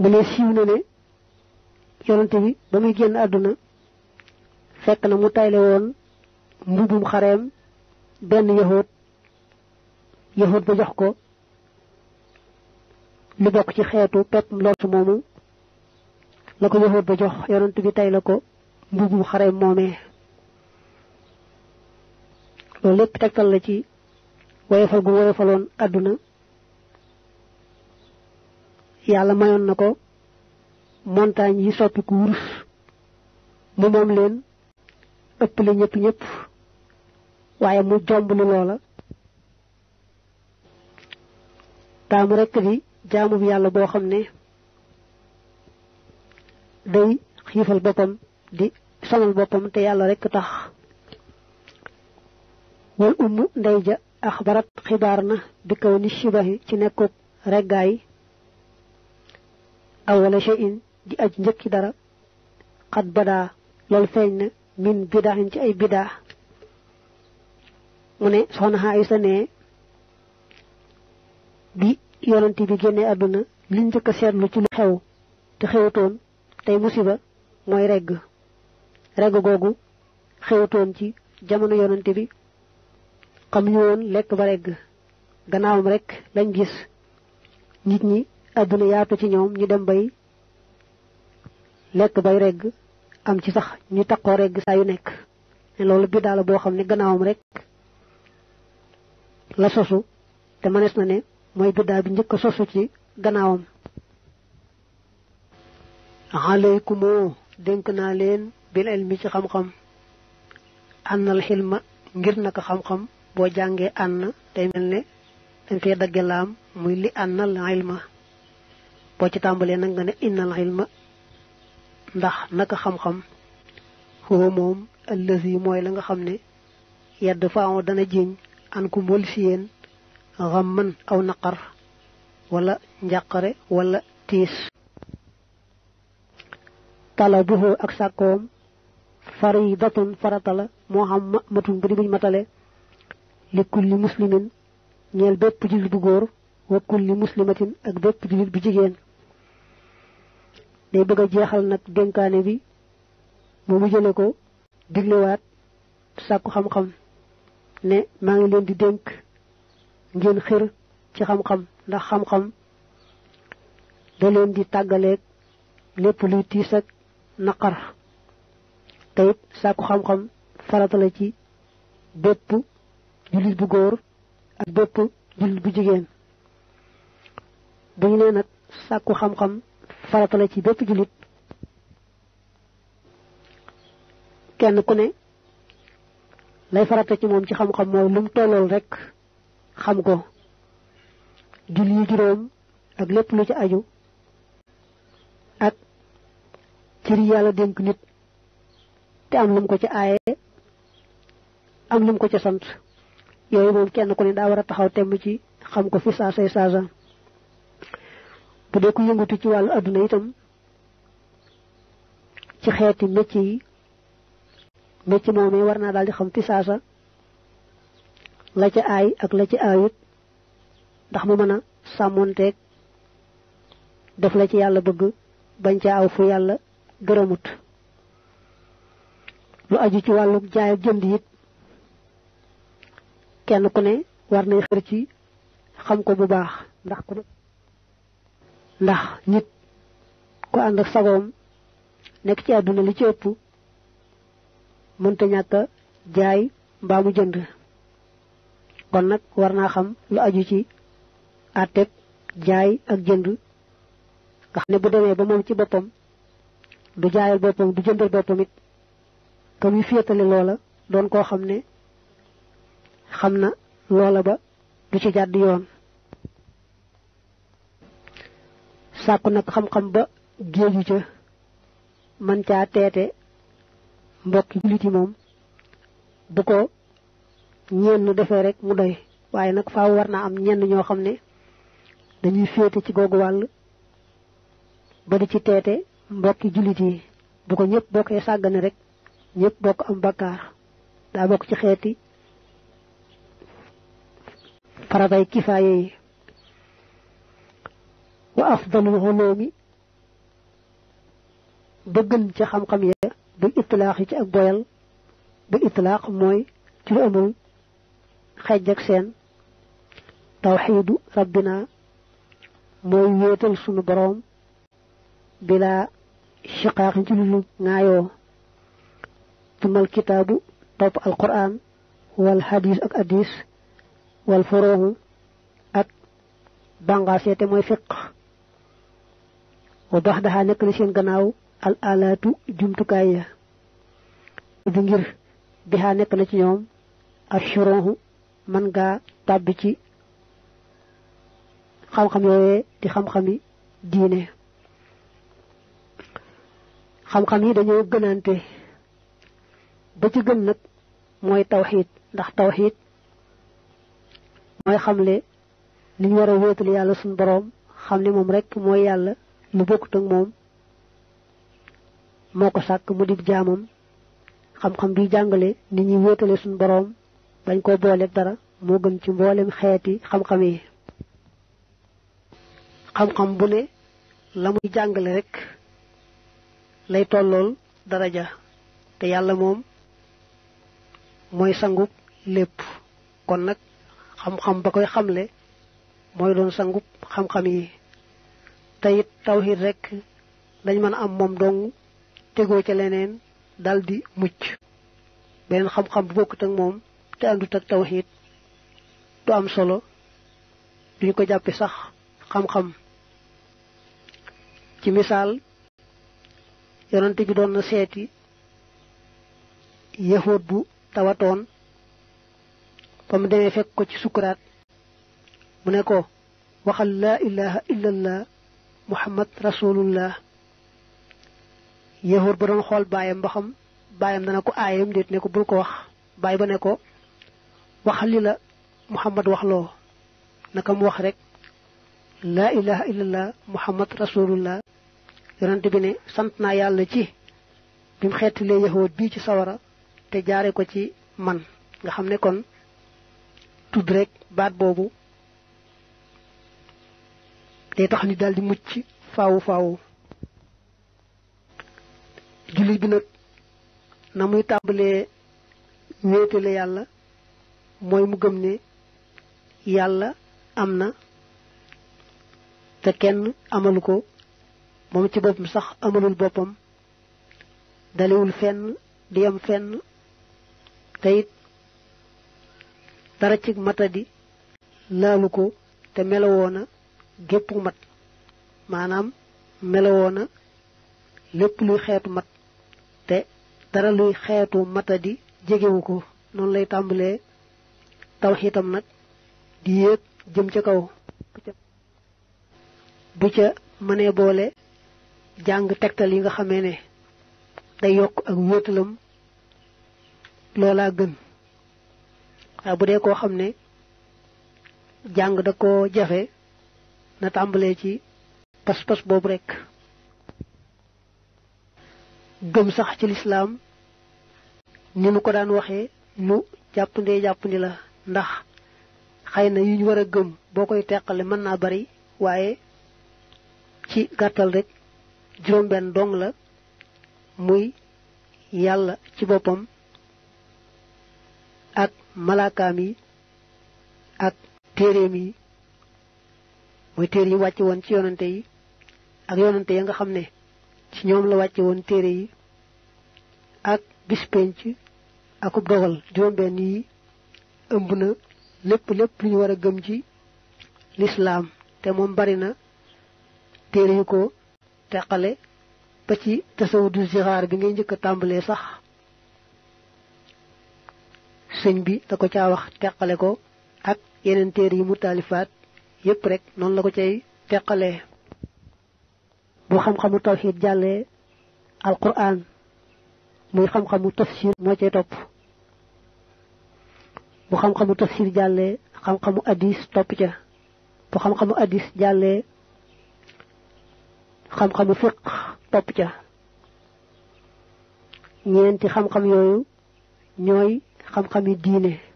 mu ne siiw na ne yonante bi ba muy génn àdduna fekk na mu tayle woon mbubum xareem benn yahoot yahoot ba jox ko lu bokk ci xeetu pepp lott moomu la ko yahoot ba jox yonante bi tay la ko mbubum xareem moomee loolu lépp tegtal la ci woyefal gu woyefaloon àdduna yàlla mayoon na ko montagne yi soppiku wurus mu moom leen ëppale ñëpp ñëpp waaye mu jomb lu loola taamu rekk di jaamu bi yàlla boo xam ne day xiifal boppam di sonal boppam te yàlla rekk tax wal umm ndey ja akhbarat xibaar na bi kaw shibahi ci nekkuk reggaay awala shay'in di aj njëkki dara xat badaa loolu feeñ na min bidaaxin ci ay bidaa mu ne soxna Aysa ne bi yonent bi génnee àdduna liñ njëkk a seetlu ci lu xew te xewatoon tey musiba mooy regg regg googu xewatoon ci jamono yonent bi xam ñu woon lekk ba regg gannaawam rekk lañ gis nit ñi àdduna yaatu ci ñoom ñu dem bay lekk bay regg am ci sax ñu takkoo regg saa yu nekk ne loolu bi daala boo xam ne gannaawam rek la sosu te mënees na ne mooy biddaa bi njëkk sosu ci gannaawam aleykumoo dénk naa leen bil ilmi ci xam-xam ànnal xilma ngir naka xam-xam boo jàngee ànn day mel ne dañ koy dagge laam muy li ànnal ilma bo ci tambale nak nga ne innal ilma ndax naka xam-xam foo mom allazi moy la nga xam ne yedd faaw dana jign an ku mbol si yéen xam aw naqar wala njàqare wala tis tala buhu ak sakom faridatun faratala la moo xam ma matun buñ matale li kulli muslimin ñeel bépp jullit bu góor wa kulli muslimatin ak bépp jullit bu jigen day bëgg jeexal nak denkaane bi mu mujjale ko diglewaat sàkku xam-xam ne maa ngi leen di dénk ngeen xër ci xam-xam ndax xam-xam da leen di tàggaleeg lépp luy tiis ak naqar te it sàkku xam-xam farata la ci bépp jullit bu góor ak bépp jullit bu jigéen bu ñu nee nag sàkku xam-xam farata la ci bépp jullit kenn ku ne lay farata ci moom ci xam-xam mooy lu mu tollool rek xam ko julli juróom ak lépp lu ci aju ak cër yàlla dénk nit te am lu ko ci aaye am lu ko ci sant yooyu moom kenn ku ne daa war a taxaw temm ci xam ko fi saasay saasa bu dee ku yëngatu ci wàllu àdduna itam ci xeeti mécc yi mécc moomee war naa daal di xam ci saasa la ca aay ak la ci aayut ndax mu mën a sàmmonteeg def la ci yàlla bëgg bañ ca aw fu yàlla gërëmut lu aju ci wàllu jaay ak jënd it kenn ku ne war nay xër ci xam ko bu baax ndax ku ne ndax nit ko and ak sagom nek ci aduna li ci ëpp ta ñàkk jaay mbaa mu jënd kon nag war naa xam lu aju ci àtteeg jaay ak jënd nga xam ne bu demee ba moom ci boppam du jaayal boppam du jëndal boppam it ka yu féetale loola doon koo xam ne xam na loola ba du ci jàdd yoon sàkku nag xam-xam ba géeju ca man caa teete mbokki jullit yi moom bu ko ñenn defee rek mu doy waaye nag faaw war naa am ñenn ñoo xam ne dañuy féete ci googu wàll ba di ci teete mbokki jullit yi bu ko ñëpp bokkee sàggane rek ñépp bokk am bakkaar daa bokk ci xeeti faratay kifaaye yi وأفضل العلوم بغل جي خام خام يا بإطلاق جي أك بويل بإطلاق موي جي أمول خيجك سين توحيد ربنا موي يتل سنو بروم بلا شقاق جي نايو ثم الكتاب طب القرآن والحديث أك أديس والفروه أك بانغاسيتي موي فقه wa baax daxaa nekk na seen gannaaw al alaatu jumtukaay ya di ngir bixaa nekk na ci ñoom ak suronxu man gaa tàbbi ci xam-xam yooyee di xam-xami diine xam-xam yi dañoo gënante ba ci gën nag mooy tawxiid ndax tawxiid mooy xamle li ñu war a wéetal yàlla suñu boroom xam ne moom rekk mooy yàlla mu bokkut ak moom moo ko sàkk mu di jaamam xam-xam bi jàngale nit ñi wóotale suñu boroom bañ koo booleeg dara moo gën ci mboolem xeeti xam-xam yi xam-xam bu ne la muy jàngale rek lay tollool daraja te yàlla moom mooy sangub lépp kon nag xam-xam ba koy xamle mooy doon sangub xam-xam yi te it tawxiid rekk lañ mën a am moom dong tegoo ca leneen daldi mucc beneen xam-xam bu bokkut ak moom te àndut ak tawxiid du am solo duñu ko jàppe sax xam-xam ci misaal yonante bi doon na seeti yëfoot bu tawatoon ba mu demee fekk ko ci sukuraat mu ne ko waxal laa ilaha illallah muhammad rasulullah yéefar ba doon xool baayam ba xam baayam dana ko aayam déet ne ko bul ko wax baay ba ne ko wax li la muhammad wax loo naka mu wax rek laa ilaha illallah muhammad rasulullah yonent bi ne sant naa yàlla ci bi mu xeetilee yahood bii ci sawara te jaare ko ci man nga xam ne kon tudd rek baat boobu day tax ni daldi mucc faawu faawu jullit bi nag na muy tàmbalee wéetale yàlla mooy mu gëm ne yàlla am na te kenn amalu ko moom ci boppam sax amalul boppam dalewul fenn di am fenn te it dara ci matadi laalu ko te melawoona gépp mat manam melawoona lépp luy xeetu mat te dara luy matadi jegewu ko noonu lay tàmbalee taw xitam di yéeg jëm ca kaw bu ca mënee boole jàng tegtal yi nga xamee ne day yokk ak gën bu da jafe na tàmbalee ci pas-pas boobu rek gëm sax ci l'islam ni mu ko daan japp ndé japp ni la ndax xëy na yuñ war gëm bokoy koy man na bari waaye ci gattal rek juróom ben dong la muy yalla ci bopam ak malakami yi ak téeréem yi moy téere yi wàcc woon ci yonante yi ak yonante ya nga xam ne ci ñoom la wàcc woon téere yi ak bis penc akub dogal juróom benn yi ëmb na lépp lépp lu ñu war a gëm ci lislaam te moom bari na téere yu ko teqale ba ci tasawudu zixaar bi ngay njëkk a sax sëñ bi da ko caa wax teqale ko ak yeneen téere yi mu taalifaat yépp rek noonu la ko cay teqalee bu xam-xamu tawxiid jàllee alquran muy xam-xamu tafsir moo cay topp bu xam-xamu tafsir jàllee xam-xamu addis topp ca bu xam-xamu addis jàllee xam-xamu fiq topp ca ñeenti xam-xam yooyu ñooy xam-xami diine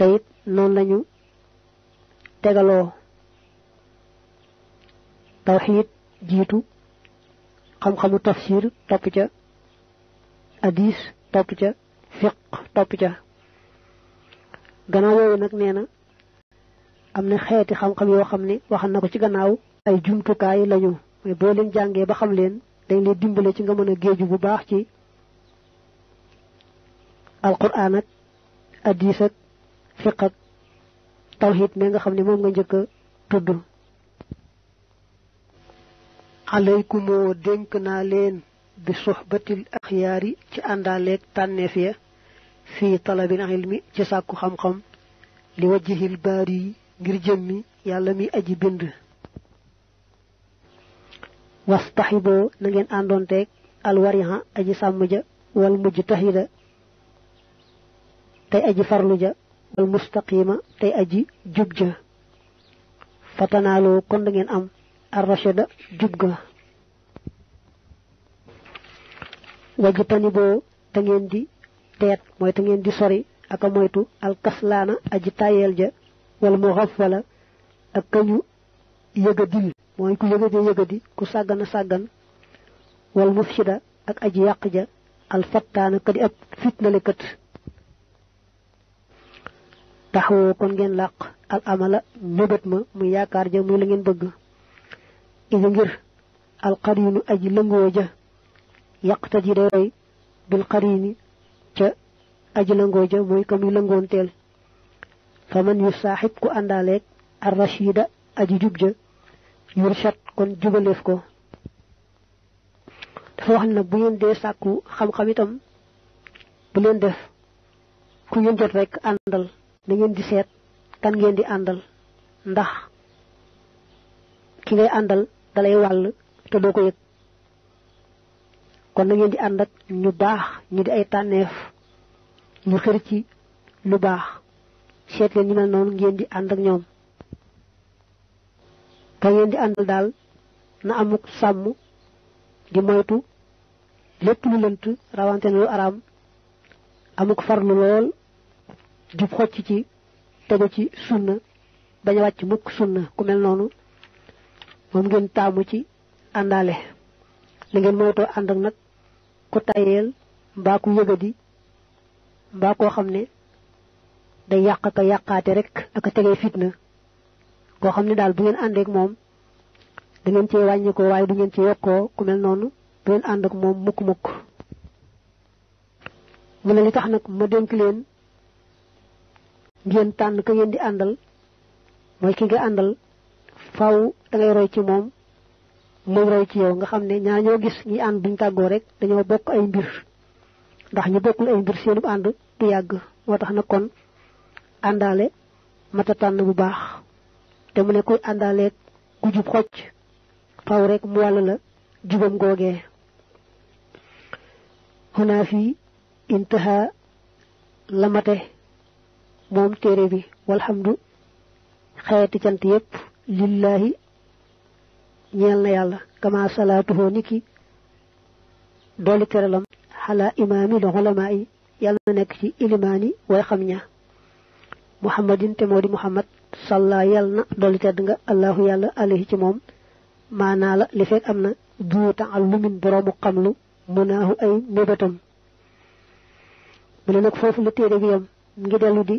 te it lañu tegaloo tawxiid jiitu xam-xamu tafsir topp ca hadis topp ca fiq topp ca gannaaw yooyu nag nee na am na xeeti xam-xam yoo xam ne wax na ko ci gannaaw ay jumtukaay lañu may boo leen jàngee ba xam leen dañ lay dimbale ci nga mën géeju bu baax ci alquran ak hadis ak fiq ak tawhid me nga xam ne moom nga njëkk a tudd alaykumoo dénk naa leen bi suhbatil axyaari ci àndaaleeg tànneef ya fii talabil ilmi ci sàkku xam-xam li ngir jëmmi mi aji bind wastaxiboo na ngeen àndoonteeg alwariha aji sàmm ja wal mujj aji farlu ja al mustaqima tay aji jubja fatanalo kon da ngeen am ar rashada jubga ga waju ngeen di teet moy da ngeen di sori aka moytu al kaslana aji tayel ja wal mughaffala ak kañu yegadil moy ku yegade yegadi ku sagana sagan wal mufsida ak aji yaqja al fatana kadi ak fitnalekat taxawoo kon ngeen làq al amala mébét ma muy yaakaar ja muy la ngeen bëgg ida ngir al qarinu aji lëngoo ja yàqtat yi day roy bil qarini ca aji lëngoo ja mooy ka muy lëngoonteel fa man yu saaxib ku àndaaleeg ar rachida aji jub ja yurshat kon jubaleef ko dafa wax ne nag bu ngeen dee sàkku xam-xam itam bu leen def ku ngeen jot rek àndal da ngeen di seet kan ngeen di àndal ndax ki ngay àndal dalay wàll te doo ko yëg kon na ngeen di ànd ak ñu baax ñu di ay tànneef ñu xër ci lu baax seet leen ñu mel noonu ngeen di ànd ak ñoom ka ngeen di àndal daal na amuk sàmm di moytu lépp lu lënt rawante lu araam amuk farlu lool di xocc ci tegu ci sunna bañ a wàcc mukk sunna ku mel noonu moom ngeen taamu ci àndaale li ngeen moytoo ànd ak nag ku tayeel mbaa ku yëgadi mbaa koo xam ne day yàq ka yàqaate rek ak a tegee fitna koo xam ne daal bu ngeen àndeek moom dangeen ngeen cee wàññikoo waaye du ngeen ci yokkoo ku mel noonu du ngeen ànd ak moom mukk mukk mu ne li tax nag ma dénk leen ngeen tan ko ngeen di andal moy ki nga andal faw da ngay roy ci mom mo roy ci yow nga xamne ne ñoo gis ñi and buñ taggo rek dañoo bokk ay mbir ndax ñu bokk ay mbir seenu and du yagg motax na kon andale, mata tan bu baax te mu ne ko andale ku jub xoc faw rek mu la jubam goge huna intaha lamate mom téré bi walhamdu xeeti cant yépp lillahi ñeel na yàlla kama salaatuhoo niki doli teralam xala imaami la xulamaa yi yàlla na nekk ci ilimaani way xam ña muhammadin te moo di muhammad salla yàlla na dooli tedd nga allahu yàlla alayhi ci moom maanaa la li fekk am na duu taallumin boroomu xamlu munaahu ay mébétam mu ne nag foofu la téere bi yam ngi dellu di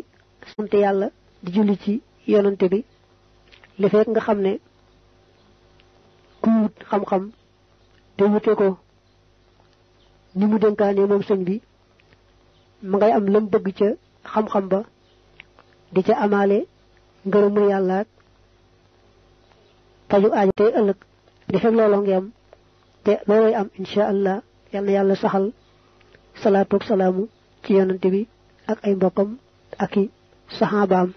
sant yàlla di julli ci yonante bi li fekk nga xam ne ku wut xam-xam te wute ko ni mu dénkaane moom sëñ bi mu ngay am lam bëgg ca xam-xam ba di ca amaale ngërëmu yàlla ak faju tey ëllëg li fekk looloo ngi am te looloy am incha allah yàlla saxal salaatu salaamu ci yonante bi ak ay mbokkam ak i صحابام